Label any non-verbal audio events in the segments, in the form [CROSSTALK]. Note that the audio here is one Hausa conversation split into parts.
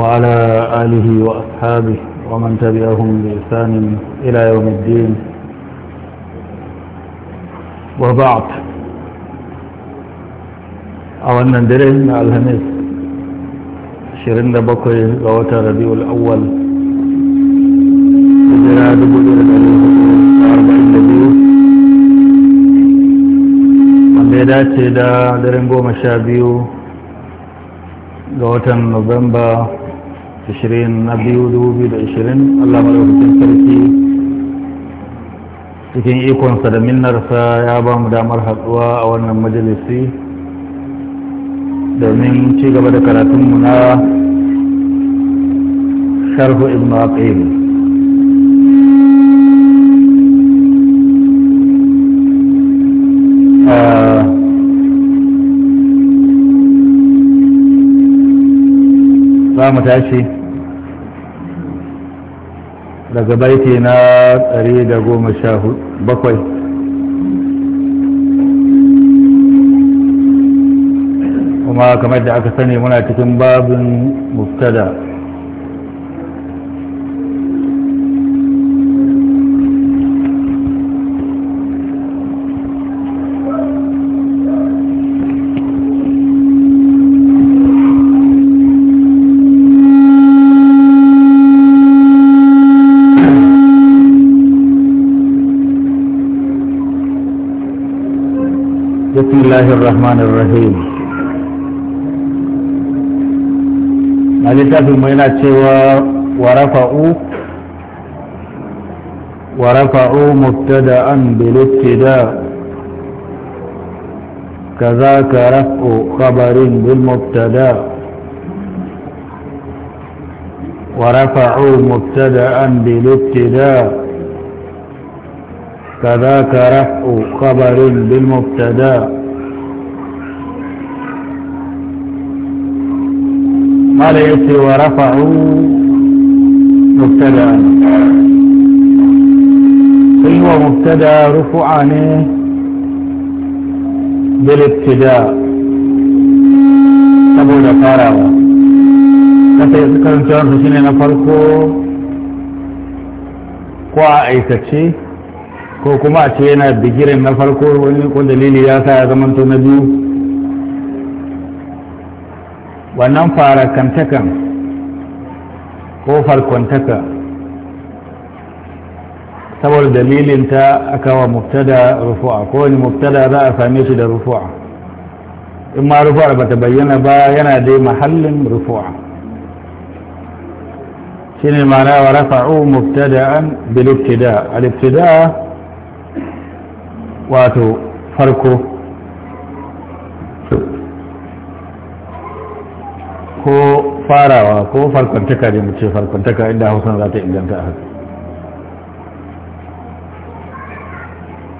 وعلى آله وأصحابه ومن تبعهم بإحسان إلى يوم الدين وبعد أولا درين الهمس شرين بكر غوة ربيع الأول جرى دبو ya dace da daren goma sha biyu ga watan nuwamba ashirin na biyu dubu da ashirin allah malaukakin sarki cikin ikonsa da minnarsa ya ba mu damar haɗuwa a wannan majalisi domin ci gaba da karatunmu na sharhu ibn aqil za mu tashi daga baiti na da goma 117 kuma kamar da aka sani muna cikin babin muftada بسم الله الرحمن الرحيم a littafin mai ورفعوا ورفعوا مبتدا بالابتداء كذاك رفع خبر بالمبتدا ورفعوا مبتدا بالابتداء كذاك رفع خبر بالمبتدا قال يسي ورفعوا مبتدا هو مبتدا رفع عنه بالابتداء سبو دفارة kasa yi sukarin cewarsa shi ne na farko ko a aikace ko kuma a ce yana bigirin na farko wani ko dalili ya sa ya zamanto na biyu wannan farakantakan ko farkontaka saboda dalilin ta aka wa mubtada rufu'a ko wani mubtada za a same shi da rufu'a in ma rufu'a ba ta bayyana ba yana dai mahallin rufu'a shine ma'ana wa rafa'u mubtada'an bil ibtida' al wato farko ko farawa ko farkontaka ne mu ce farkontaka inda hausa za ta inganta a haka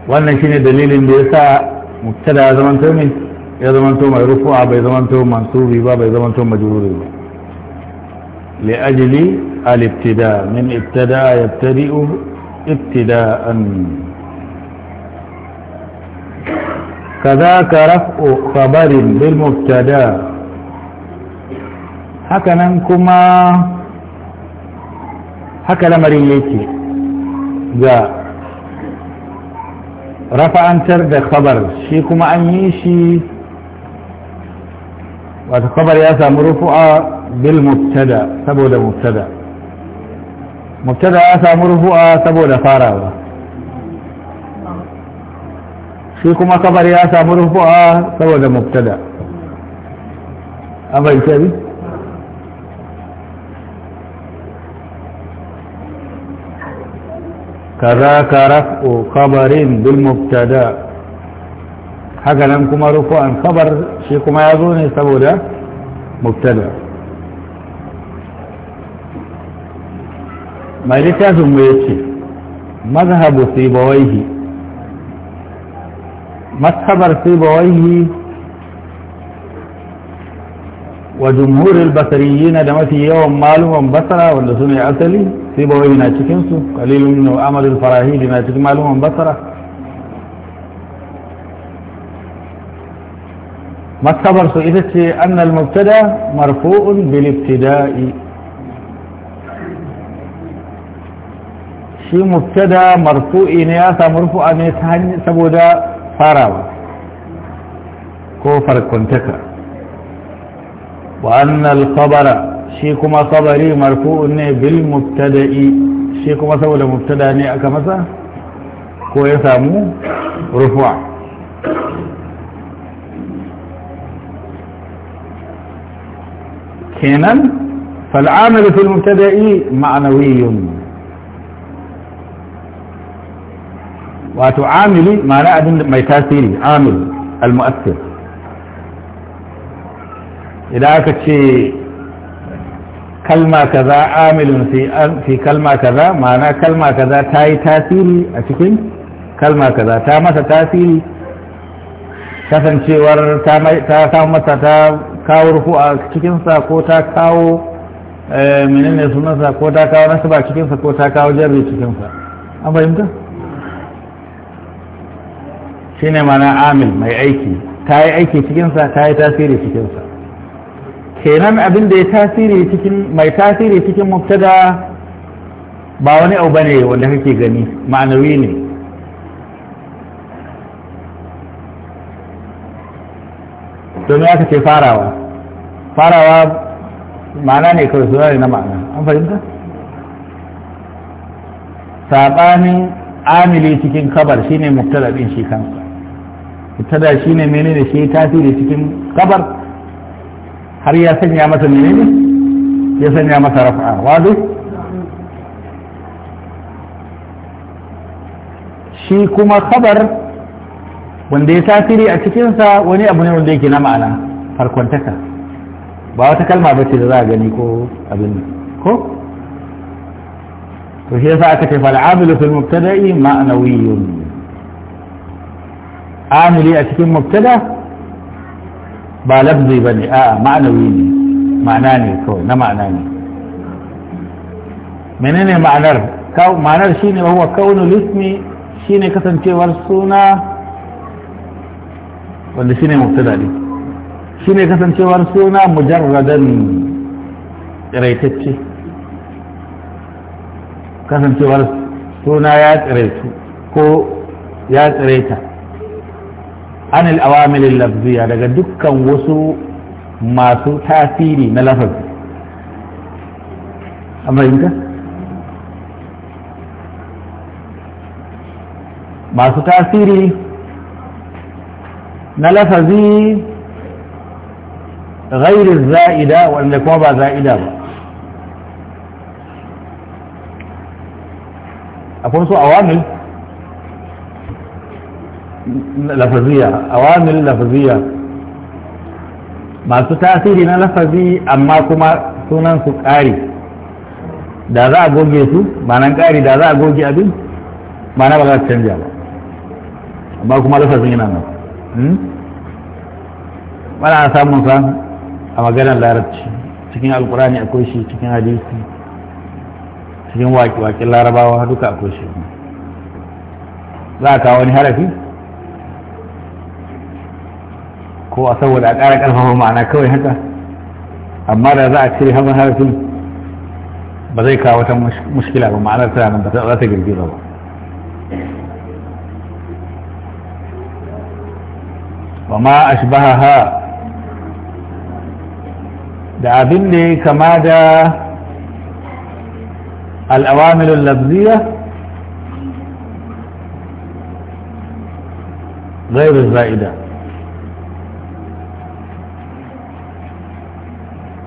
wannan shine dalilin da ya sa mubtada ya zamanto min ya zamanto mai rufu'a bai zamanto mansubi ba bai zamanto majruri ba li ajli al ibtida min ibtada yabtadi'u ibtida'an raf'u khabarin bil بالمبتدا hakanan kuma haka lamarin yake ga rafa'antar da kabar shi kuma an yi shi wata kabar ya samu rufu'a bil mubtada saboda mubtada mubtada ya samu rufu'a saboda farawa shi kuma kabar ya samu rufu'a saboda mubtada an bai كذاك رفع خبر بالمبتدا haka nan kuma rufu'an kabar shi kuma ya zo saboda muktada mai littafin mu ya ce mazhabu sibawaihi mazhabar sibawaihi وجمهور البصريين لما في يوم معلوم بصرة ولسوني عسلي في بوهينا تكنسو قليل من عمل الفراهي لما تكن معلوم بصرة ما الخبر سئلت أن المبتدا مرفوع بالابتداء شي مبتدا مرفوع نياسا مرفوع نيسان سبودا فاراو كوفر كونتكرا وأن الخبر شيكما خبري مرفوع بالمبتدئ شيكما سوى المبتدأ نيأك مسا كو يسامو رفوع كينا فالعامل في المبتدئ معنوي وتعامل معنى أدن ما يتاثيري عامل المؤثر idan aka ce kalma kaza amilun fi kalma kaza ma'ana kalma kaza ta yi tasiri a cikin kalma kaza ta masa tasiri kasancewar ta samu masa ta kawo rufu a cikinsa ko ta kawo eh, menene sunansa ko ta kawo nasu ba cikinsa ko ta kawo jari cikinsa an fahimta shi ne mana amil mai aiki ta yi aiki cikinsa ta yi tasiri cikinsa kenan abin da ya tasiri cikin mai tasiri cikin mubtada ba wani abu bane wanda kake gani ma'anawi ne domin aka ce farawa farawa ma'ana ne kawai suna ne na ma'ana an fahimta saɓanin amili cikin kabar shine mubtada din shi kansa mubtada shine menene shi tasiri cikin kabar har ya sanya masa menene ya sanya masa rafa'a wadu shi kuma khabar wanda ya tasiri a cikinsa wani abu ne wanda yake na ma'ana farkontaka ba wata kalma ba ce da za a gani ko abin ko to shi yasa aka ce fal'amilu fil mubtada'i ma'nawiyyun amili a cikin mubtada' ba labzi ba ne a ma'anawi ne ma'ana ne kawai na ma'ana ne menene ma'anar ma'anar ne wa Lismi shi ne kasancewar suna wanda shi shine shi ne kasancewar suna mujarradan tsiraitacce kasancewar suna ya tsiraitu ko ya tsiraita an al'awamilin lafziya daga dukkan wasu masu tasiri na lafaz an fahimta masu tasiri na lafazi gairin za'ida wanda kuma ba za'ida ba akwai su awamil lafaziya awamil lafaziya masu tasiri na lafazi amma kuma sunan su ƙari da za a goge su ma'anan ƙari da za a goge abin ma'ana ba za su canja ba amma kuma lafazin yana nan mana hmm? samun sa a maganar larabci cikin alkurani akwai shi cikin hadisi cikin waƙi-waƙin larabawa duka akwai shi za a kawo wani harafi ko a saboda a ƙara ƙarfafa ma'ana kawai haka amma da za a cire hamzan harafin ba zai kawo wata mushkila ba ma'anar tana nan ba za ta girgiza ba wa ma ashbahaha da abin da ya kama da al'awamilul labziya غير الزائده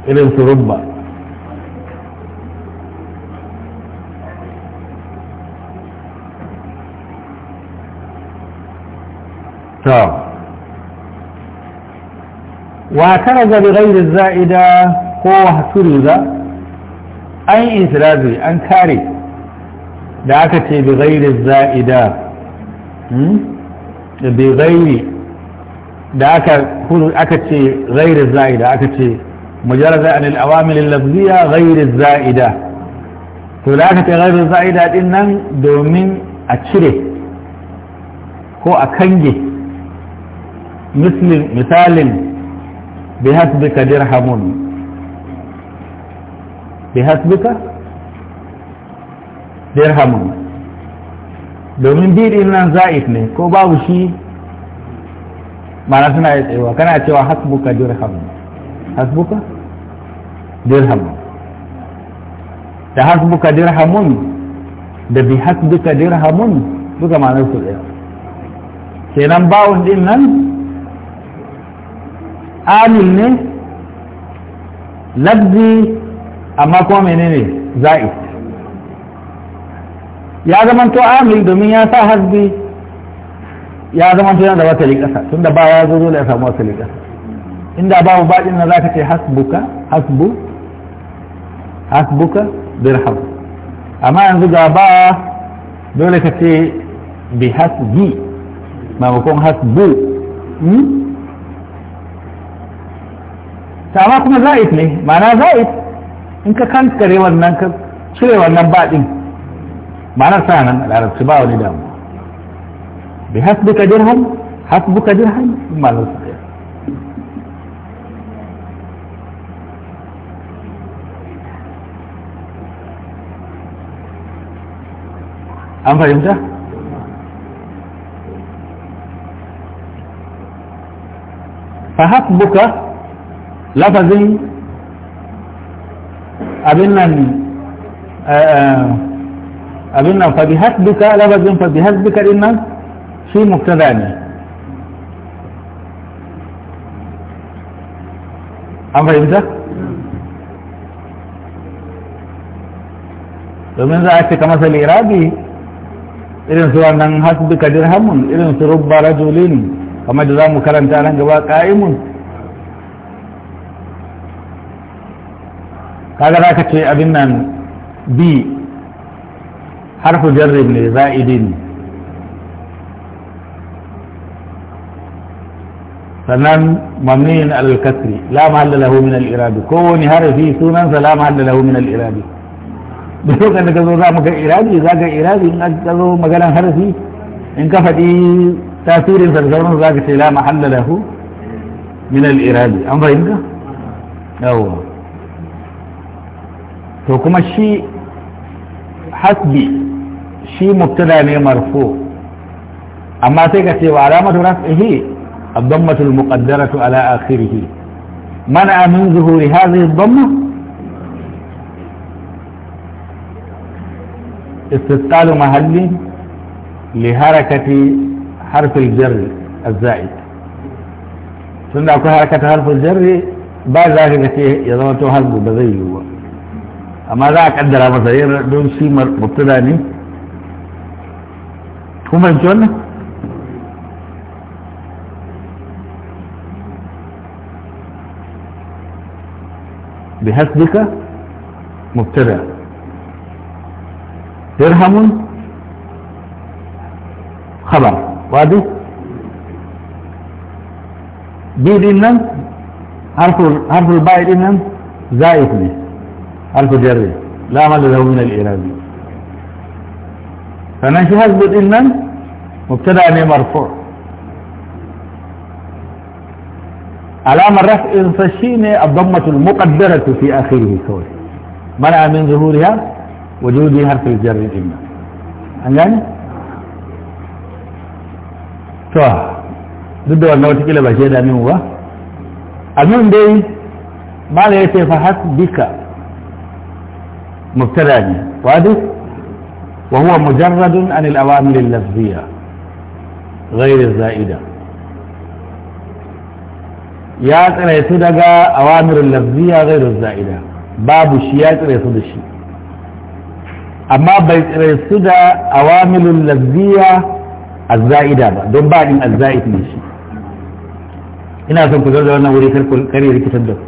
irin su rubba ta wa tara ga bighairi za'ida ko hasuriza an israzi an kare da aka ce bighairi za'ida bighairi hmm? da aka ce ghairi za'ida aka ce مجرد عن الأوامر اللفظية غير الزائدة تلاكة غير الزائدة إنن دومين أتشره هو أكنجي مثل مثال بحسبك درهم بحسبك درهم domin birin nan za'if ne ko babu shi mana suna yi tsayewa kana cewa hasbuka dirham hasbuka dirham da hasbuka dirhamun da bi hasbuka dirhamun duka ma'anar su ɗaya kenan bawon din nan amin ne labzi amma kuma menene za'i ya zama to amin domin ya sa hasbi ya zama to yana da wata tun da ba ya zo dole ya samu wata liƙasa inda babu baɗin na za ka ce hasbuka hasbu hasbuka dirham amma yanzu ga ba dole ka ce bi hasbi maimakon hasbu amma kuma za'id ne ma'ana za'id in ka kankare wannan ka cire wannan baɗin mana sa nan larabci ba wani damu bi hasbuka dirham hasbuka dirham ma'anar sa أنفع يمتى فحسبك لفظي أبنن آه، آه، أبنن فبحسبك لفظي فبحسبك إنن في مكتداني أنفع يمتى ومن ذا أكتك مثل إرادي irin su wannan hasbi kadir hamun irin su rubba rajulin kamar da za mu karanta nan gaba ƙa'imun kaga za ka ce abin nan b harfu jarrib ne za'idin sannan mamniyin alkasri la mahalla lahu min al iradi kowani harafi sunansa la mahalla lahu min al iradi da lokacin da ka zo za mu ga irabi za ga irabi in ka zo maganar harfi in ka faɗi tasirin sarsauran za ka ce la mahalla lahu min al-irabi an fahimta yawwa to kuma shi hasbi shi mubtada ne marfu amma sai ka ce wa alamatu raf'ihi الضمة المقدرة على آخره منع من ظهور هذه الضمة استثقال محلي لحركة حرف الجر الزائد تنا اكو حركة حرف الجر بعد ذلك في يضمته حرف بذيل هو اما ذاك عندنا ما دون سي مبتدا هم كما بحسبك مبتدأ درهم خبر وادي بيدنا حرف حرف الباء دينا زائد لي حرف جر لا مال له من الايراد فانا حسب دينا مبتدا مرفوع علامة الرفع فشيني الضمة المقدرة في آخره سوري منع من ظهورها وجودي حرف الجر إما أنجاني توا دودو أنه تكيلا بشيدا نيوه أمين دي ما لا يتفحك بك مبتداني وادي وهو مجرد عن الأوامر اللفظية غير الزائدة يا ترى يتدقى أوامر اللفظية غير الزائدة باب الشيات ترى يتدشي amma bai su da awamilun lazziya za'ida ba don ba ɗin azza'id ne shi ina son ku zarda wannan wuri kare rikitar da ku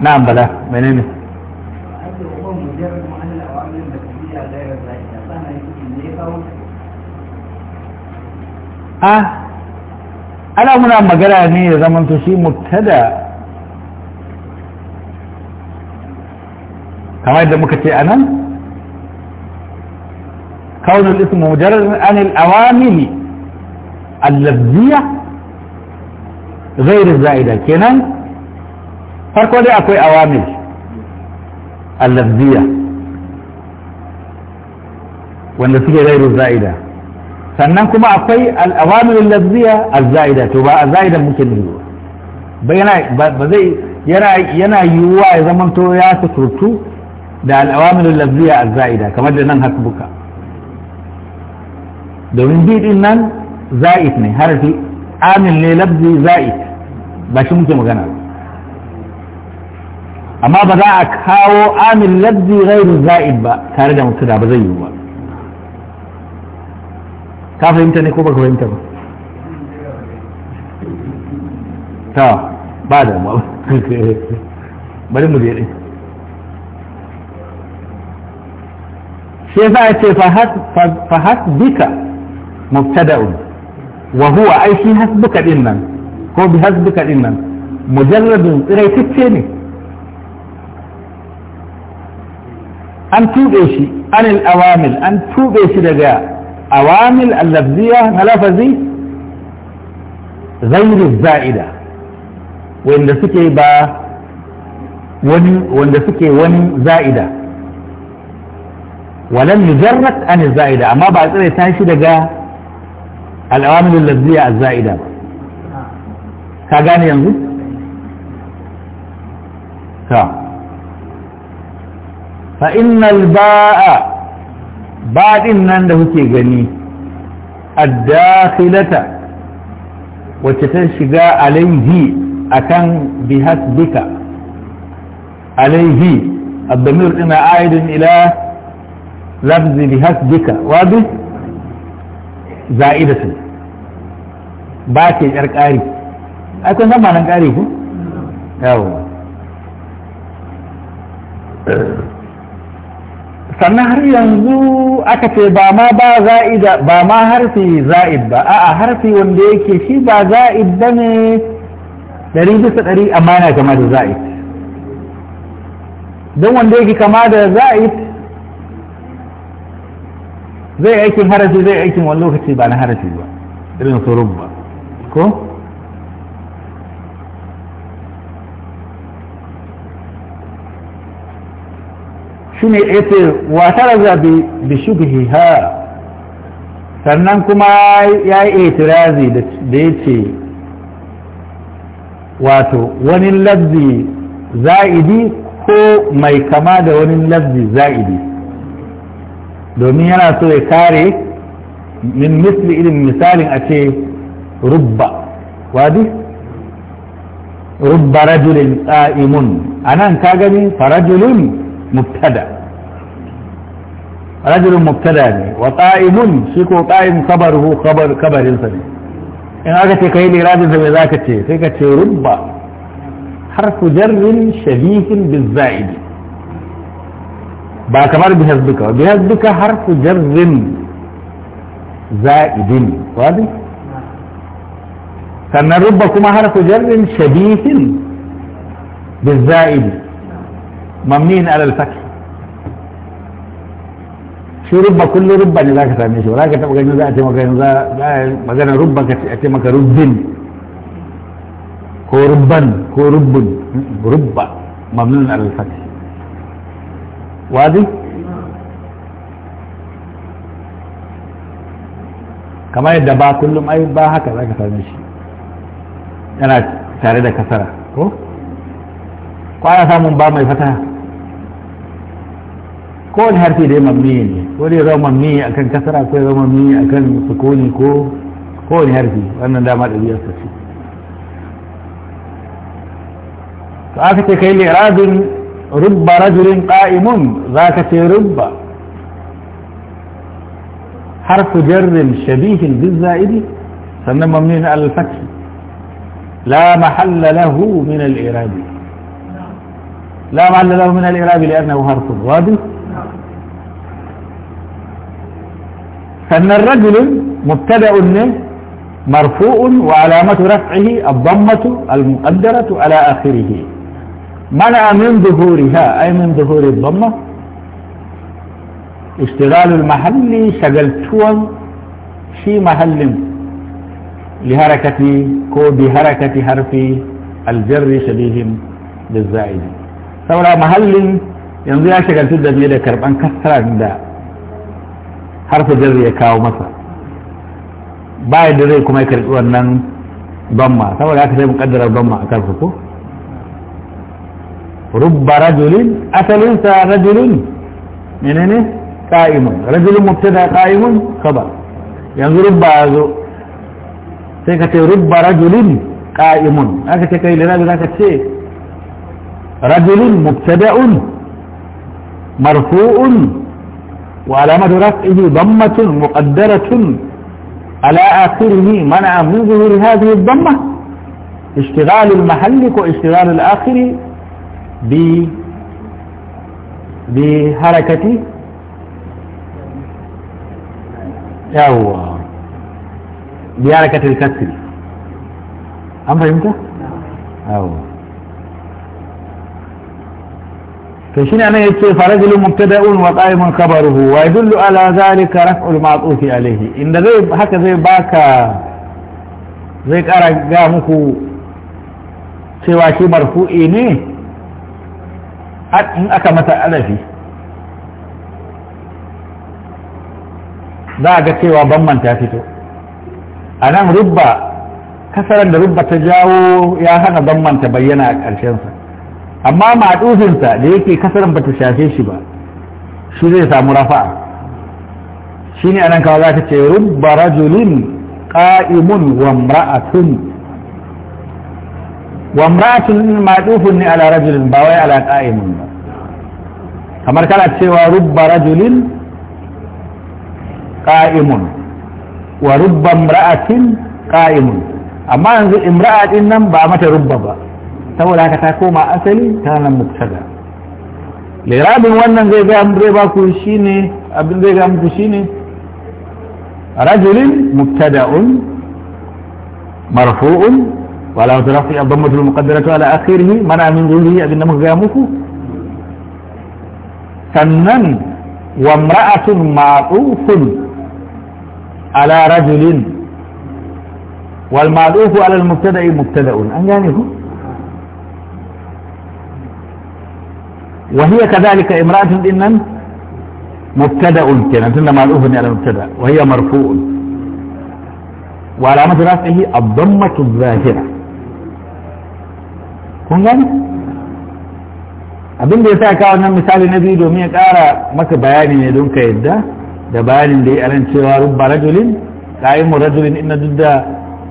na'am bala menene a ah, ana muna magana ne ya zamanto shi mubtada kamar yadda muka ce a nan kaunar ismu mujarar anil awamili allabziya zairin za'ida kenan farko dai akwai awamil allabziya wanda suke zairin za'ida sannan kuma akwai al'awamil allabziya al-za'ida to ba a za'idan muke nuna ba yana yiwuwa ya zamanto ya sukurtu da al'awamilul lafziya az-za'ida kamar da nan hasbuka domin bi din nan za'id ne harafi amil ne lafzi za'id ba shi muke magana amma ba za a kawo amil lafzi ghairu za'id ba tare da mutuda ba zai yiwu ba ka fahimta ne ko baka fahimta ba ta ba da mu bari mu je shi yasa ya ce fa hasbika mubtada'un wa huwa ai shi hasbuka din nan ko bi hasbuka din nan mujarradun tsiraitacce ne an tuɓe shi anil awamil an tuɓe shi daga awamil allabziya na lafazi zairu za'ida wanda suke ba wani wanda suke wani za'ida walam yujarrat an za'ida amma ba tsare ta shi daga al'amilul lazziya az-za'ida ka gane yanzu ta fa innal ba'a baɗin nan da kuke gani addakhilata wacce ta shiga alaihi akan bihasbika alaihi abdamir ina aidin ila lafzi bi hasbika wadi za'idatu ba ke yar ƙari ai kun san ƙari ku yawo sannan har yanzu aka ce ba ma ba za'ida ba ma harfi za'id ba a'a harfi wanda yake shi ba za'id ba ne ɗari bisa ɗari amma yana kama da za'id don wanda yake kama da za'id zai aikin harafi zai aikin wani lokaci ba na harafi ba irin su rubba ko shi ne ya ce watar zabi da shubhi ha sannan kuma ya yi itirazi da ya ce wato wani labzi za'idi ko mai kama da wani labzi za'idi domin yana so ya kare min misli irin misalin a ce rubba wadi rubba rajulin tsa'imun a nan ka gani farajulun mubtada rajulun mubtada ne wa tsa'imun shi ko tsa'im kabaru kabarinsa ne in aka ce ka yi ne da mai za ka ce sai ka ce rubba harfu jarrin shabihin bizza'idi ba kamar bihazbika bihazbika harfu jarrin za'idin wadi sannan rubba kuma harfu jarrin shabihin بالزائد ممنين على الفتح shi rubba kullu rubba ne zaka same shi ba ka taba ganin za a ce maka yanzu magana rubba ka ce a ce maka rubbin ko rubban ko rubbun rubba mamnun al-fath wazi kamar yadda ba kullum ai ba haka za ka same shi yana tare da kasara ko kwana samun ba mai fata ko wani harfi dai mamni ne ko dai zama mamni a kan kasara ko zama mamni a kan sukuni ko kowane harfi wannan dama da biyar sassu to aka ce kai lera رب رجل قائم ذاك رب حرف جر شبيه بالزائد سنة ممنون على الفتح لا محل له من الإراب لا محل له من الإراب لأنه حرف الغاد فإن الرجل مبتدأ مرفوع وعلامة رفعه الضمة المقدرة على آخره منع من ظهورها أي من ظهور الضمة اشتغال المحل شغلتوا في محل لحركة كو بحركة حرف الجر شبيه بالزائد سورا محل ينزل شغلت الدمير كربان كثرة دا حرف جر يكاو مثلا بعد ذلك كما يكرهون ضمة سورا كسر مقدر الضمة فكو رب رجل أتى أتليس رجل من منين قائم رجل مبتدا قائم خبر يعني رب هذا سيكتي رب رجل قائم أكتي كي لنا بذلك الشيء رجل مبتدا مرفوع وعلامة رفعه ضمة مقدرة على آخره منع من ظهور هذه الضمة اشتغال المحل واشتغال الآخر bi harakati yawwa bi harakati kasri an fahimta? yawwa to shi ne ya ce mubtada'un wa qa'imun khabaruhu wa yadullu ala zalika raf'ul ma'tufi alayhi inda zai haka zai baka zai kara ga muku cewa shi marfu'i ne in aka masa alafi za a ga cewa banman ta fito a nan rubba kasarar da rubba ta jawo ya hana banman ta bayyana a ƙarshensa amma maɗufinsa da yake kasarar ba ta shafe shi ba shi zai samu rafa'a shi ne a nan kawai za ta ce rubba rajulin ƙa'imun wa mra'atun wa mratun ma'dufun ne ala rajulin ba wai ala qa'imin ba kamar kana cewa rubba rajulin qa'imun wa ruba imra'atin qa'imun amma yanzu imra'a din ba mata rubba ba saboda haka ta koma asali ta nan muktada lirabin wannan zai ga zai ba ku shine abin zai ga shine rajulin mubtada'un marfu'un وعلى وزراسي الضمة المقدرة على آخره منع من ظهره أبن مغامك سنن وامرأة معروف على رجل والمعروف على المبتدأ مبتدأ أنجانه وهي كذلك امرأة إنن مبتدأ كانت إن معروف على المبتدأ وهي مرفوء وعلامة مدرسه الضمة الظاهرة kun gani abin da ya sa ka wannan misali na biyu domin ya kara maka bayani ne don ka yadda da bayanin da ya aran cewa rubba rajulin ƙa'imu rajulin ina duk da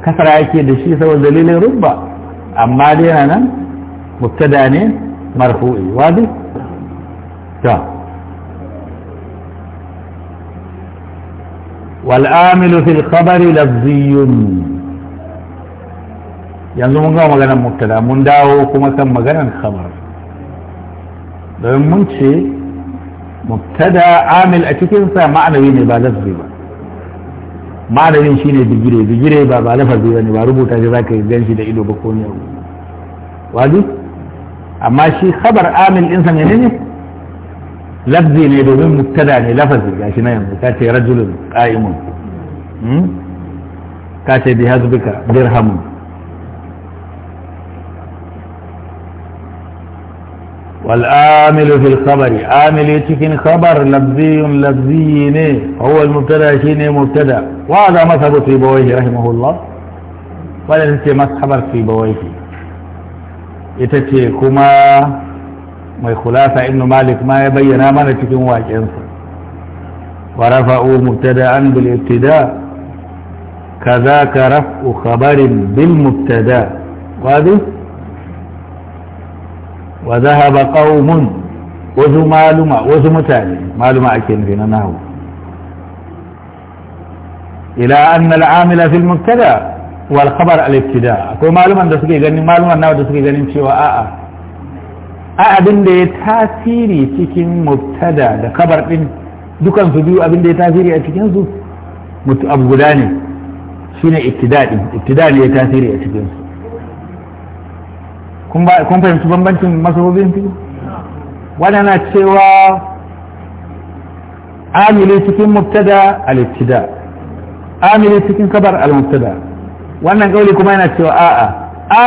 kasara yake da shi saboda dalilin rubba amma dai yana nan mubtada ne marfu'i wadi ta والآمل fil khabari lafziyun yanzu mun gama maganar mubtada mun dawo kuma kan maganar khabar domin mun ce mubtada amil a cikinsa ma'anawi ne ba lafzi ba ma'anarin shine bigire bigire ba ba lafazi ba ne ba rubuta shi zaka gan shi da ido ba ko ne wani amma shi khabar amil ɗinsa ne ne lafzi ne domin mubtada ne lafazi gashi na yanzu ka ce rajulun qa'imun hmm? ka ce bi hazbika dirhamun والآمل في الخبر آمل يتكين خبر لبزي لبذي هو المبتدا شين مبتدا وهذا مذهب في بويه رحمه الله ولا نسي مذهب في بويه يتتي كما ما خلاصة إنه مالك ما يبين أمانة تكين واجنسا ورفعوا مبتدا بالابتداء كذاك رفع خبر بالمبتدا وهذه wa zahaba qaumun wasu maluma wasu mutane maluma ake nufi na nahu ila anna al'amila fil mubtada wal khabar al akwai maluman da suke ganin maluman da suke ganin cewa a'a a abin da ya tasiri cikin mubtada da kabar ɗin, dukan su biyu abin da ya tasiri a cikin ne shine ibtida ne ya tasiri a kun ba kun fahimci bambancin masabobin fiqh wannan cewa amili cikin mubtada al-ibtida amili cikin kabar al-mubtada wannan kauli kuma yana cewa a'a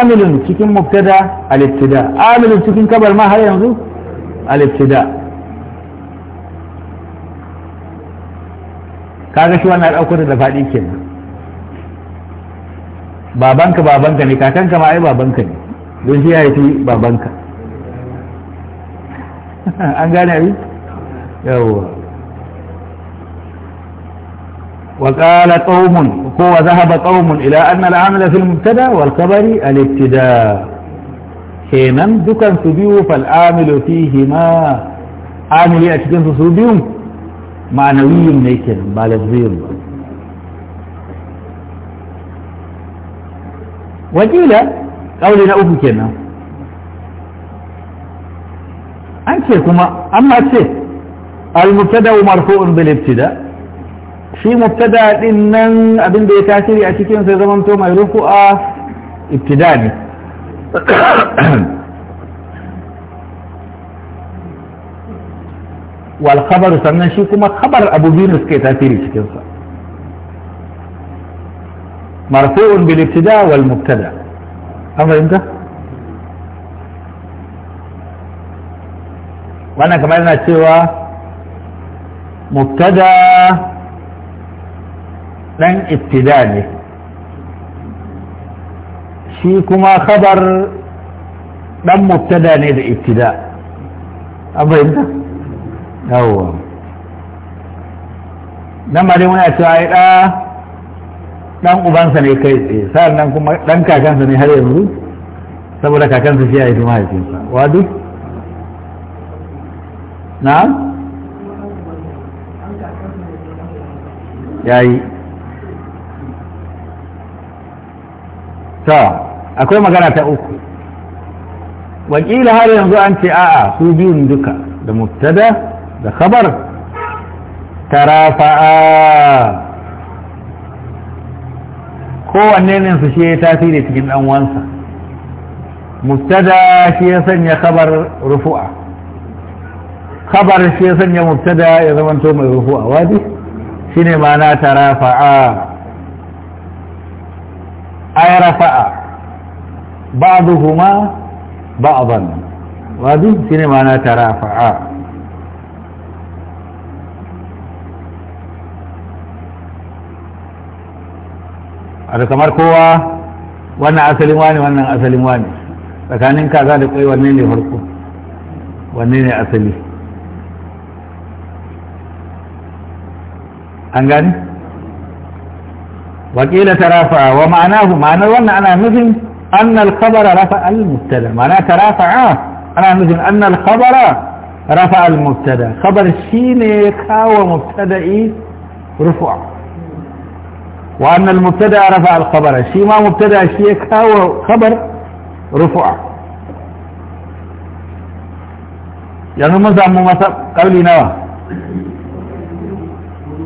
amilun cikin mubtada al-ibtida amilun cikin kabar ma har yanzu al-ibtida kaga shi wannan daukar da faɗi kenan babanka babanka ne kakanka ma ai babanka ne don shi ya yi babanka [LAUGHS] an gane abi yawwa وقال قوم هو ذهب قوم إلى أن العمل في المبتدا والخبر الابتداء حينما دكان سبيو فالعامل فيهما عامل يأتكن سبيو معنوي نيكن بالذير وقيل kauli na uku kenan an ce kuma amma ce al-mubtada marfu'un bil ibtida shi mubtada din nan abin da ya tasiri a cikin sai zaman to mai rufu'a ibtida ne wal khabar sannan shi kuma khabar abu biyu suke tasiri cikin sa marfu'un bil ibtida wal mubtada an fahimta wannan kamar yana cewa mubtada dan ibtida ne shi kuma khabar dan mubtada ne da ittida an fahimta yawwa nan ma dai muna cewa ya dan ubansa ne kai tsaye sa'an nan kuma dan kakansa ne har yanzu saboda kakansa shi ya yi mahaifinsa wa duk na ya yi ta akwai magana ta uku wakila har yanzu an ce a'a su biyun duka da mutada da khabar tarafa'a kowanne ne su shi ya tasiri cikin dan wansa mubtada shi ya sanya khabar rufu'a khabar shi ya sanya mubtada ya zamanto mai rufu'a wadi shine ma'ana tarafa'a ay rafa'a ba'dhuhuma ba'dhan wadi shine ma'ana tarafa'a a kamar kowa wannan asalin wani wannan asalin wani tsakanin kaza da kwai wanne ne farko wanne ne asali an gani wakila ta tarafa wa ma'anahu ma'anar wannan ana nufin annal khabara rafa al-mubtada ma'ana ta tarafa'a ana nufin annal khabara rafa al-mubtada khabar shine kawo mubtada'i rufu'a وأن المبتدا رفع الخبر شيء ما مبتدا شيء كاو خبر رفع يعني ماذا ممسا قولي نوا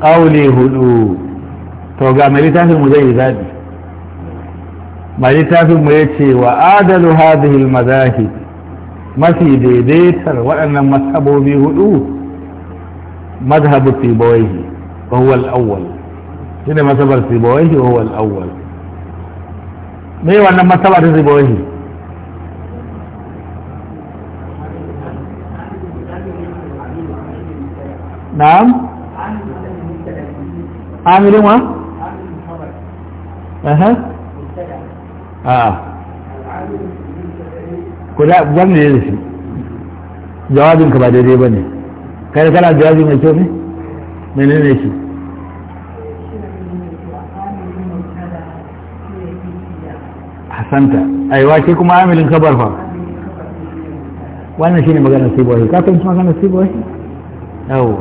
قولي هدو توقع مريتا في المزيد ذات مريتا في المريتي وآدل هذه المذاهب ما في دي ديتر وأن مذهبه في مذهب في بويه وهو الأول shi ne masabar sibawaihi wa huwa al-awwal me wannan masaba ta sibawaihi na'am عامل ما اها اه kula wanda ya rufe jawabinka ba daidai ba ne kai kana jawabi mai kyau ne menene shi santa aiwa shi kuma amilin kabar fa wannan shine maganar boye ka fahimci maganar sibohi yawo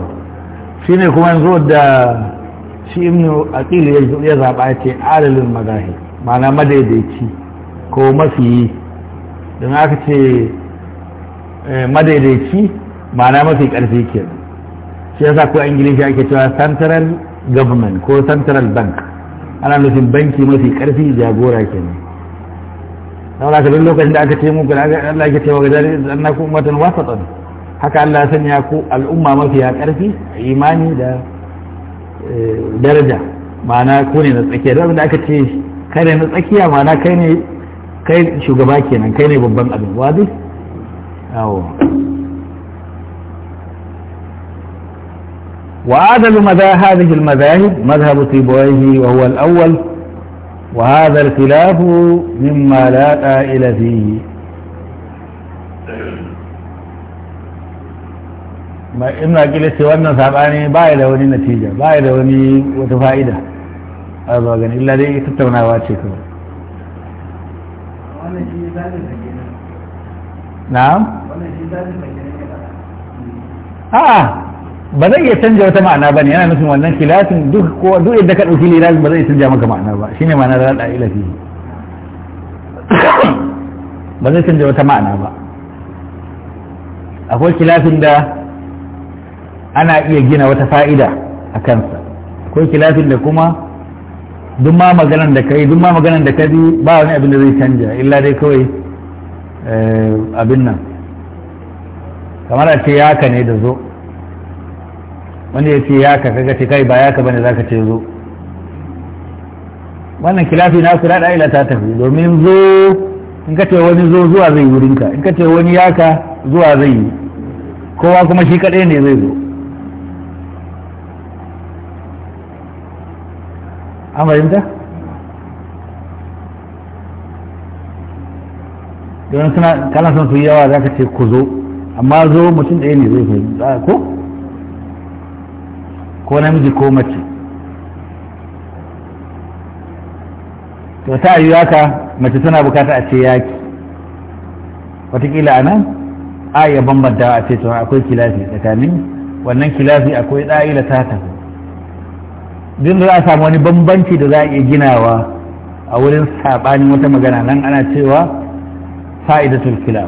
shine kuma yanzu da shi ibnu aqil ya zaba ce alalul madahi ma'ana madaidaici ko mafi don aka ce eh, madaidaici ma'ana mafi karfi kenan shi yasa ko ingilishi ake cewa central government ko central bank ana nufin banki mafi karfi jagora kenan ولكن لو كان عندك تيم ممكن الله يكتب وكذلك أنك أمة وسطا حكى الله سن يكو الأمة ما فيها كرفي إيماني دا آه، درجة معنا كوني نتأكي دا من أكتب كيني نتأكي معنا كيني كين شو جباكي نان كيني ببن أبن وادي أو وعدل مذا هذه المذاهب مذهب طيبويه وهو الأول وهذا الخلاف مما لا قائل فيه ما na kila ce wannan saɓani ba ya da wani natija ba ya da wani wata fa'ida a zuwa gani illa dai tattaunawa ce kawai na'am ba zai iya canja wata ma'ana ba ne yana nufin wannan kilasin duk ko duk yadda ka dauki lilas ba zai canja maka ma'ana ba shine ma'ana da la ila fihi ba zai canja wata ma'ana ba akwai kilafin da ana iya gina wata fa'ida a kansa akwai kilafin da kuma duk ma maganar da kai duk ma maganar da ka ba wani abin da zai canja illa dai kawai eh, abin nan kamar a ce ya ka ne da zo wanda ya ce ya ka kaga ce kai ba ya ka bane ka ce zo wannan kilafi na su rada ila ta tafi domin zo in ka ce wani zo zuwa zai wurinka in ka ce wani ya ka zuwa zai yi kowa kuma shi kadai ne zai zo an fahimta don suna kalan son su yi yawa ka ce ku zo amma zo mutum ɗaya ne zai fahimta ko ko namiji ko mace to ta yi haka mace tana bukata a ce yaki watakila anan nan a ya bambanta a ce cewa akwai kilafi tsakanin wannan kilafi akwai ɗa'ila ta ta din da za a samu wani bambanci da za a iya ginawa a wurin saɓanin wata magana nan ana cewa fa'idatul kilaf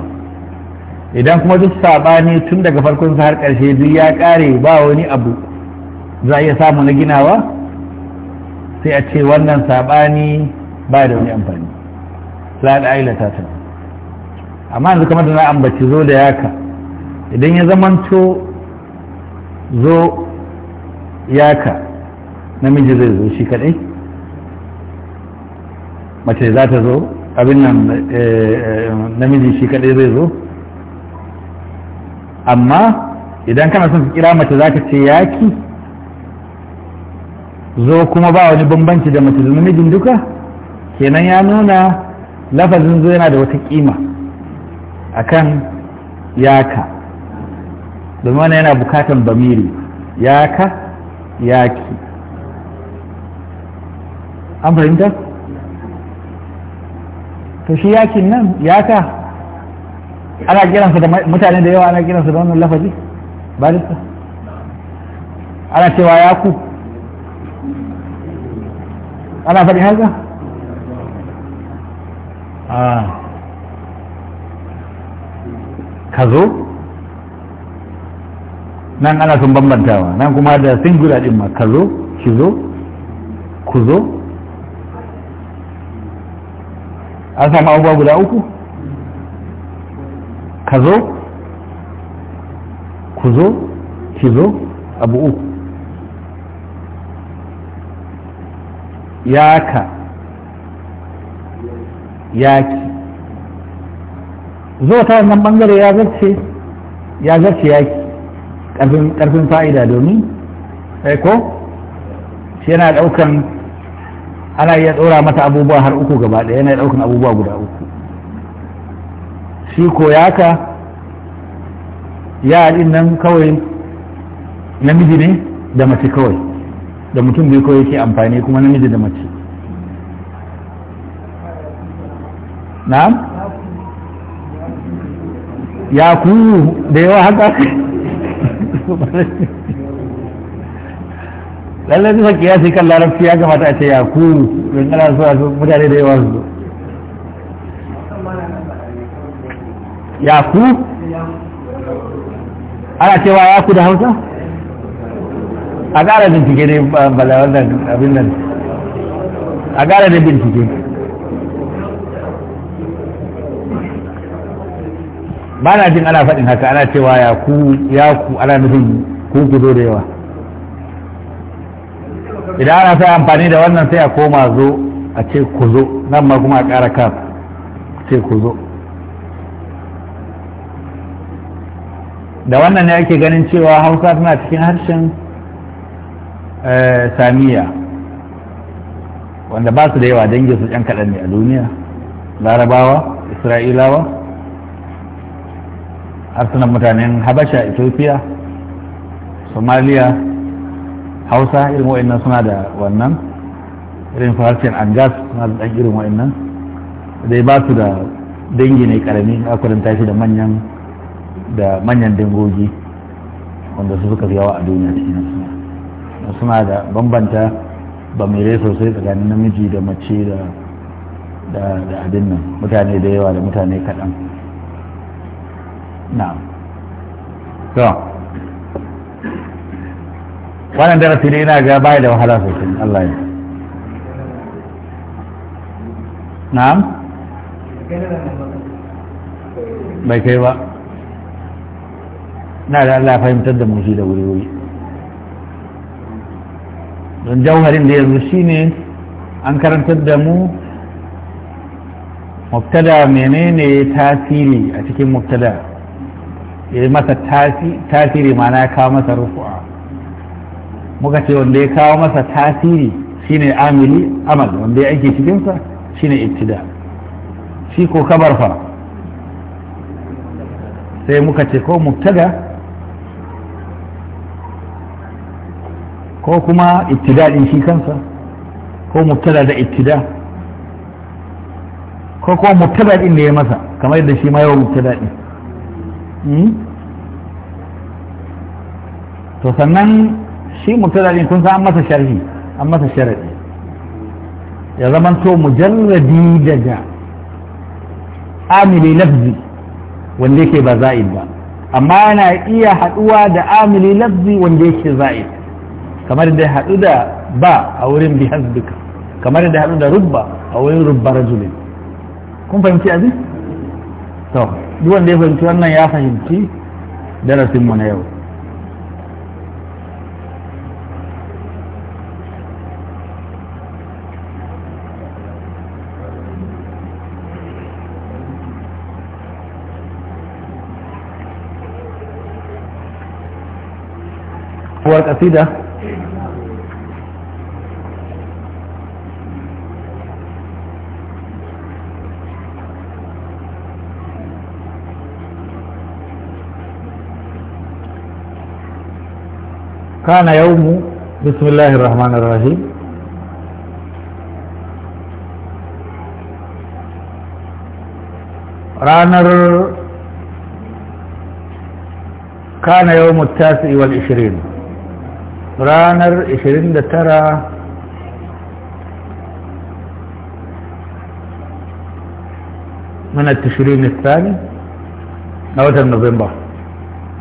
idan kuma duk saɓani tun daga farkon har ƙarshe duk ya ƙare ba wani abu za a iya samu na ginawa sai a ce wannan saɓani ba da wani amfani za da ailata ta amma yanzu kamar da na ambaci zo da yaka idan ya zamanto zo yaka namiji zai zo shi kadai mace za ta zo abin nan eh, namiji shi kadai zai zo amma idan kana son kira mace za ka ce yaki zo kuma ba wani bambanci da mace da namijin duka kenan ya nuna lafazin zo yana da wata kima akan yaka domin yana bukatan bamiri yaka yaki an fahimta? to shi yakin nan yaka ana kiransa da mutane da yawa ana kiransa da wannan lafazi ba ana cewa yaku ana faɗi haka ka zo nan ana sun bambantawa nan kuma da singular din ma ka zo ki zo ku zo an samu abubuwa guda uku ka zo ku zo ki zo abu uku yaka yaki zo ta wannan bangare ya zarce ya zarce yaki karfin fa'ida domin eh, ko shi yana daukan ana iya tsora mata abubuwa har uku gaba ɗaya yana daukan abubuwa guda uku shi ko yaka ya nan kawai namiji ne da mace kawai da mutum bai kawai yake amfani kuma namiji da mace na'am ya ku da yawa haka lallai duka kiyasi kan larabci ya kamata a ce ya ku don ana so a mutane da yawa su ya ku ana cewa ya ku da hausa a ƙara bincike ne bala wannan abin nan a ƙara da bincike ba na jin ana faɗin haka ana cewa ya ku ya ku ana nufin ku ku zo da yawa idan ana sai amfani da wannan sai a koma zo a ce ku zo nan ma kuma a ƙara ka ce ku zo da wannan ne ake ganin cewa hausa tana cikin harshen Eh, samiya wanda ba su da yawa dangin su yan kaɗan ne a duniya larabawa isra'ilawa harsunan mutanen habasha ethiopia somaliya hausa irin wa'annan suna da wannan irin farcen angas suna da ɗan irin wa'annan dai ba su da dangi ne karami a kudin shi da manyan da manyan dangogi wanda su suka yawa a duniya cikin suna suna da bambanta ba mai sosai tsakanin namiji da mace da abin nan mutane da yawa da mutane kaɗan na so wannan darasi ne ina ga baya da wahala sosai Allah ya na'am bai kai ba na da Allah fahimtar da mushi da wuri wuri don jauharin da yanzu shine an karantar da mu mubtada menene tasiri a cikin mubtada ya masa tasiri mana ya kawo masa rufu'a muka ce wanda ya kawo masa tasiri shine amili amal wanda ya aiki cikinsa shine Ittida shi ko kabar fa sai muka ce ko mubtada ko kuma ittida din shi kansa ko mubtada da ittida ko kuma mubtada din ne ya masa kamar yadda shi ma yawa mubtada din hmm? to sannan shi mubtada din kun san an masa sharhi an masa sharadi ya zamanto mujalladi daga amili lafzi wanda yake ba za'id ba amma yana iya haduwa da amili lafzi wanda yake za'id kamar da haɗu da ba a wurin bi hasbika kamar da haɗu da rubba a wurin rubba rajulin kun fahimci abin to duk wanda ya fahimci wannan ya fahimci darasin mu na yau uwar kasida كان يوم بسم الله الرحمن الرحيم رانر كان يوم التاسع والعشرين رانر عشرين ترى من التشرين الثاني نوتر نوفمبر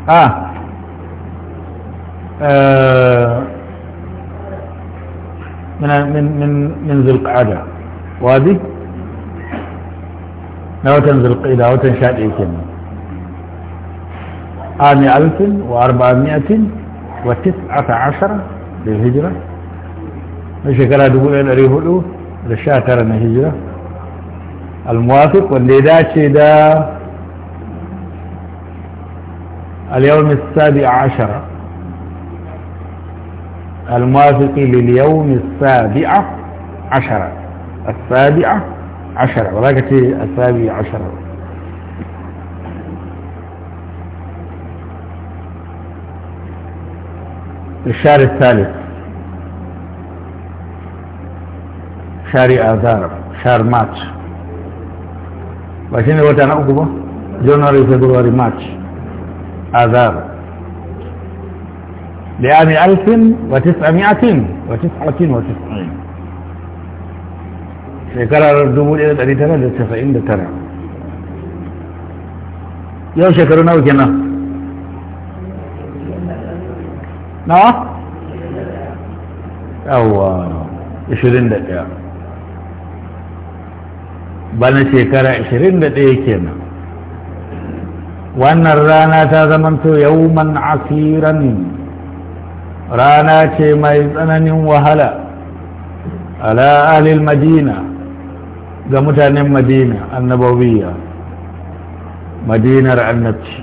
آه آه، من من من من ذي القعدة وادي نوتن ذي القعدة نوتن شادي عام ألف وأربعمائة وتسعة عشر للهجرة شكرا له أريهلو للشاترة الهجرة الموافق واللي داتشي دا اليوم السابع عشر الموافق لليوم السابعة عشرة السابعة عشرة في السابعة عشرة الشهر الثالث شهر آذار شهر مارس وشين الوقت أنا wata جونوري uku مارس آذار لعام ألف وتسعمائة وتسعة وتسعين شكرا الدمول إلى الأبي ترى للتفعين ترى يو شكرنا وكنا نوا نعم؟ أو عشرين دقيقة bana shekara 21 kenan وأن rana ta zamanto yawman asiran rana ce mai tsananin wahala ala alil madina ga mutanen madina annabawiya madinar annabci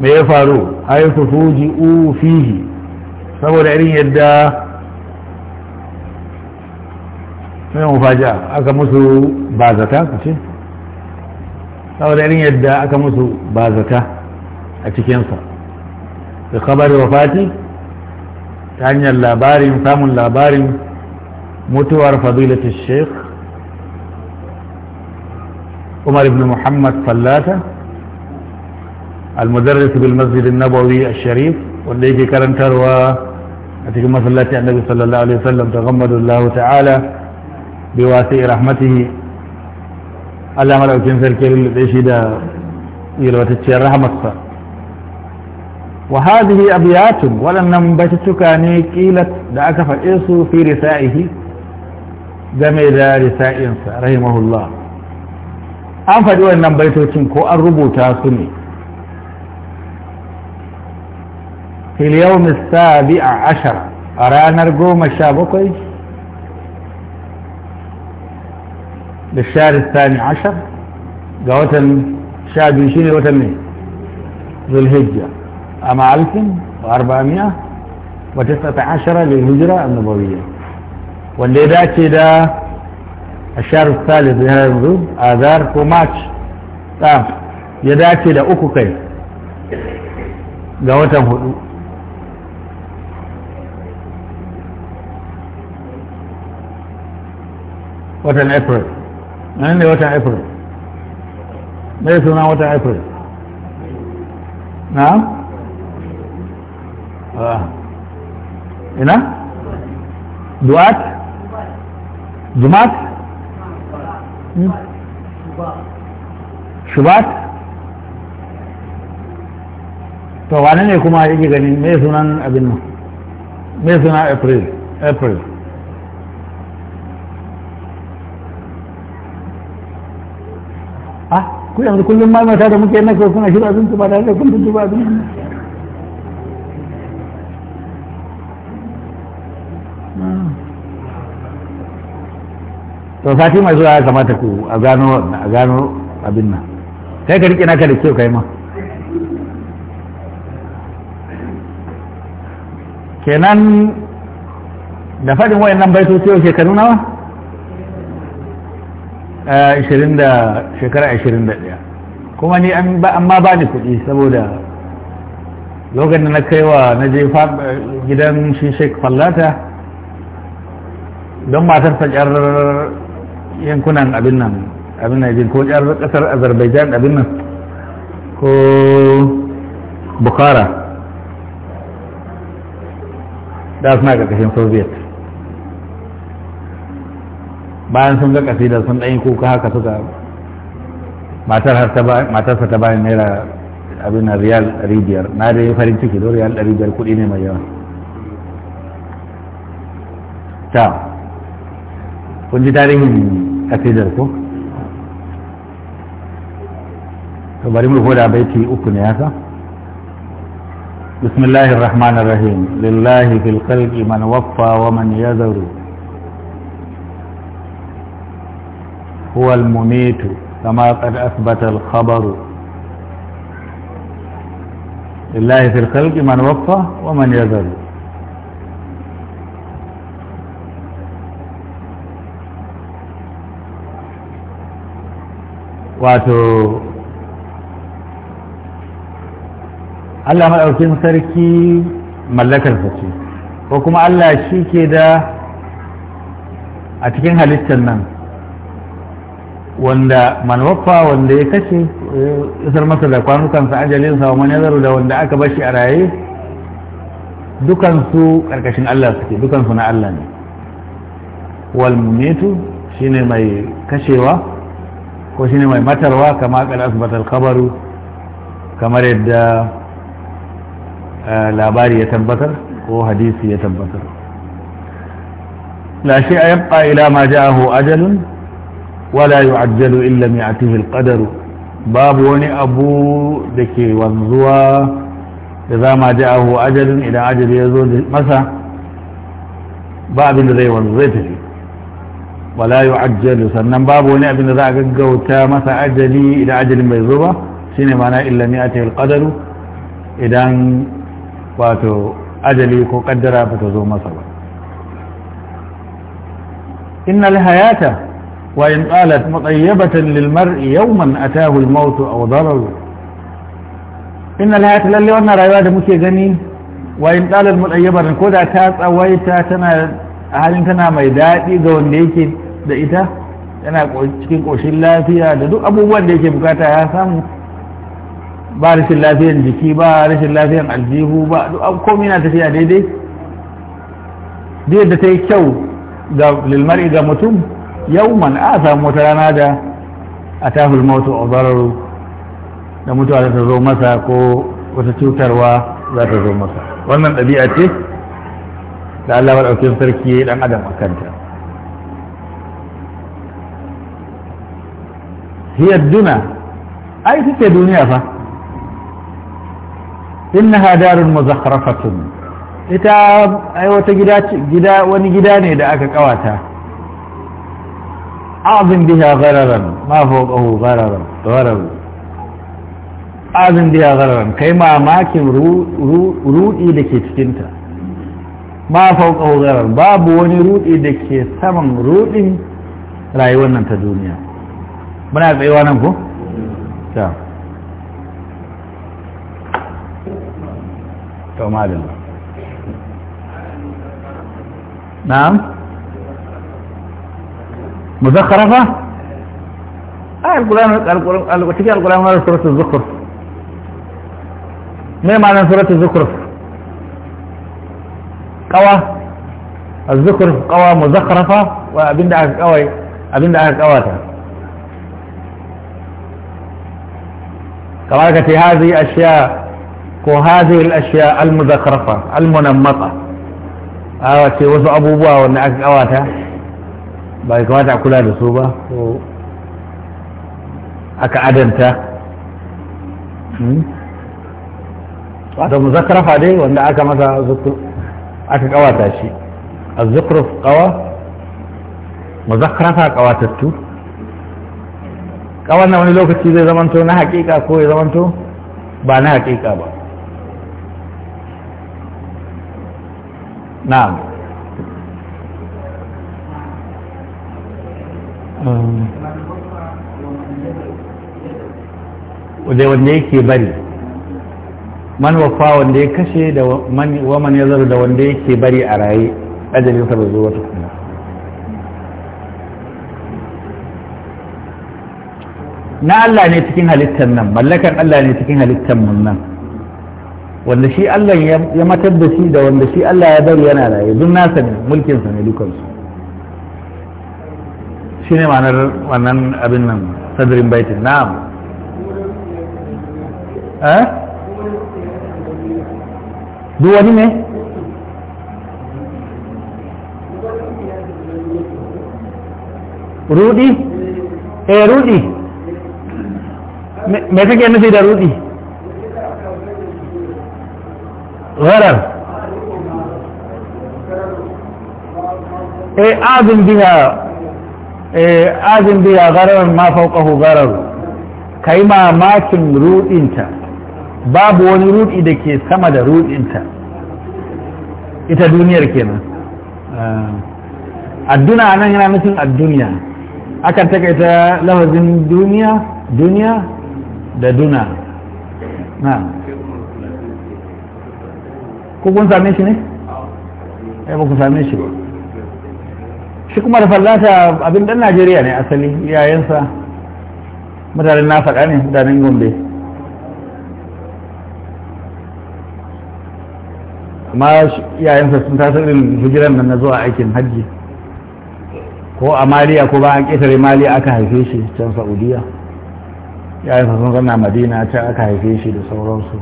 me ya faru haifu fuji fihi saboda irin yadda mai mufaja aka musu bazata ku ce saboda irin yadda aka musu bazata a cikinsa da kabarin wafati ta hanyar labarin samun labarin mutuwar fadilatu sheikh umar bin muhammad fallata al-mudarris bil masjid an-nabawi ash-sharif wanda yake karantarwa a cikin masallaci annabi sallallahu alaihi wasallam taghammadu Allah ta'ala bi wasi rahmatihi Allah madaukin sarki lullube shi da yalwatacciyar rahmatsa وهذه أبيات ولن نمبتتك أني قيلت دعك فإيسو في رسائه جميل رسائنس رحمه الله أنفد ولن نمبتتك أن ربوتاتني في اليوم السابع عشر أرى نرجو الشابقي بالشهر الثاني عشر قوة شابيشيني قوة ذو الهجة أم ألف وأربعمائة وتسعة عشر للهجرة النبوية واللي دا كده الشهر الثالث من هذا الظهر آذار كوماتش تام طيب، يدا كده أكو كي قوة مهدو وطن أبريل من اللي وطن أبريل ما يسمى وطن أبريل نعم no? Ah. ina duwat jumat hmm? shubat to wane ne kuma yake gani mai sunan abin nan mai sunan april april ah ku yanzu kullum ma mai da muke na kuna shirya sun tuba da kullum tuba sun to sati mai zuwa ya kamata ku a gano a gano abin nan kai ka riƙe naka da kyau kai ma kenan da faɗin bai baitoci yau shekaru nawa eh, ashirin da shekara ashirin da ɗaya kuma ni an ma ba ni kuɗi saboda lokacin da na kai wa na je gidan shi shek fallata don matar ta yar yankunan abin nan abin nan ko yar kasar azerbaijan abin nan ko bukhara da suna ƙarƙashin soviet bayan sun ga kasidar sun ɗanyi kuka haka suka matar har matarsa ta bayan naira abin real ɗari biyar na dai farin ciki don riyal ɗari biyar kuɗi ne mai yawa ciao kun ji tarihin katidar ko to bari mu koda baiti uku بسم الله الرحمن الرحيم لله في الخلق من وفى ومن يذر هو المميت كما قد أثبت الخبر لله في الخلق من وفى ومن يذر wato Allah maɗaukin sarki mallakarsa ce ko kuma Allah shi ke da a cikin halittar nan wanda manwaffa wanda ya kashe isar masa da kwanukansa ajalinsa ya zaro da wanda aka bashi a raye dukansu ƙarƙashin Allah suke dukansu na Allah ne wal mumitu shine mai kashewa ko shine mai matarwa kama kal asbatal kabaru kamar yadda eh, labari ya tabbatar ko hadisi ya tabbatar la shi a yabqa ila ma ja'ahu ajalun wala yu'ajjalu illa mi'atihi al-qadaru babu wani abu da ke wanzuwa da za ma ja'ahu ajalun idan ajali ya zo masa ba abin da zai wanzu zai tafi ولا يعجل سنن باب وني ابن ذا غغوتا مسا اجلي الى اجل ما يزوبا شنو معنى الا ما القدر اذا واتو اجلي كو قدرها بتزو مسا ان الحياه وان قالت مطيبه للمرء يوما اتاه الموت او ضرر ان الحياه اللي قلنا رايوه ده مشي وان قالت مطيبه كودا تا تصويتا تنا halin tana mai dadi ga da ita yana cikin ƙoshin lafiya da duk abubuwan da yake bukata ya samu ba rashin lafiyan jiki ba rashin lafiyan aljihu ba duk komai na tafiya daidai da ta yi kyau ga lilmari ga mutum yau man a samu wata rana da a tafi mautu a zararu da mutuwa za ta zo masa ko wata cutarwa za ta zo masa wannan ɗabi'a ce da Allah ɗaukin sarki ya yi ɗan adam a kanta hiyar duna ai suke duniya fa innaha darun muzakhrafatun ita ai wata gida gida wani gida ne da aka kawata azin biha ghararan ma fawqahu ghararan ghararan azin biha ghararan kai mamakin rudi da ke cikinta ma fawqahu ghararan babu wani rudi da ke saman rudin rayuwar nan ta duniya من هذا ايوان امكو تمام تمام طيب، نعم مذخرفة اه القرآن القرآن القرآن ماذا سورة الزخر مين معنى سورة الزخر قوى الزخر قوى مذخرفة وابين دعاك قوى ابين دعاك قوى تعالى kamar ka ce hazi ashiya ko hazi ashiya almuzakarfa almunammata a wace wasu abubuwa wanda aka kawata ba kamata a kula da su ba ko aka adanta wata muzakarfa dai wanda aka masa aka kawata shi a zukruf kawa muzakarfa kawatattu Ka na wani lokaci zai zamanto na hakika ko ya zamanto ba na hakika ba na. Um, da wanda yake bari man wafa wanda ya kashe da wa man ya zaru da wanda yake bari a raye ajalin sa bai zo wata kuma na Allah ne cikin halittar nan mallakar Allah ne cikin halittar mun nan wanda shi Allah ya matar da shi da wanda shi Allah ya bari yana raye duk nasa ne mulkin sa ne dukansu shi ne ma'anar wannan abin nan sadrin baitin na'am eh duk wani ne rudi eh rudi me kake nufi da rudi gharar eh azin biya e eh, azin biya gharar ma fawqahu gharar kai mamakin rudinta babu wani rudi da ke sama da rudinta ita duniyar kenan ah. adduna nan yana nufin adduniya akan takaita lafazin duniya duniya da duna na ko kun same shi ne? ya eh, ba ku same shi ba shi kuma da fallata abin dan najeriya ne asali yayansa mutanen na faɗa ne mutanen gombe amma yayansa sun tasirin hijiran nan na zuwa aikin hajji ko a maliya ko ba a ƙetare maliya aka haife shi can saudiya yi sun zana madina ta aka haife shi da sauransu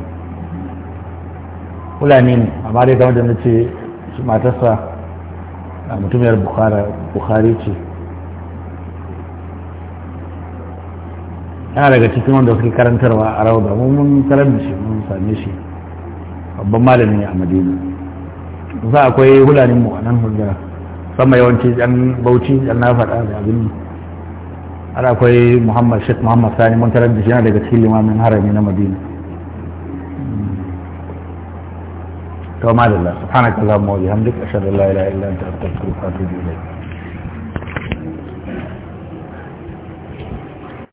fulani ne amma dai kamar da nace ce matarsa a mutumiyar bukhari ce yana daga cikin wanda suke karantarwa a rauda mun karar da shi mun same shi babban malami a madina za akwai hulanin mu a nan hujjara sama yawanci yan bauchi yan na faɗa da abin ana akwai muhammad sheikh muhammad sani mun tarar da shi yana daga cikin limamin harami na madina to ma da Allah subhanaka Allahumma wa bihamdika ashhadu an la ilaha illa anta astaghfiruka wa atubu ilayk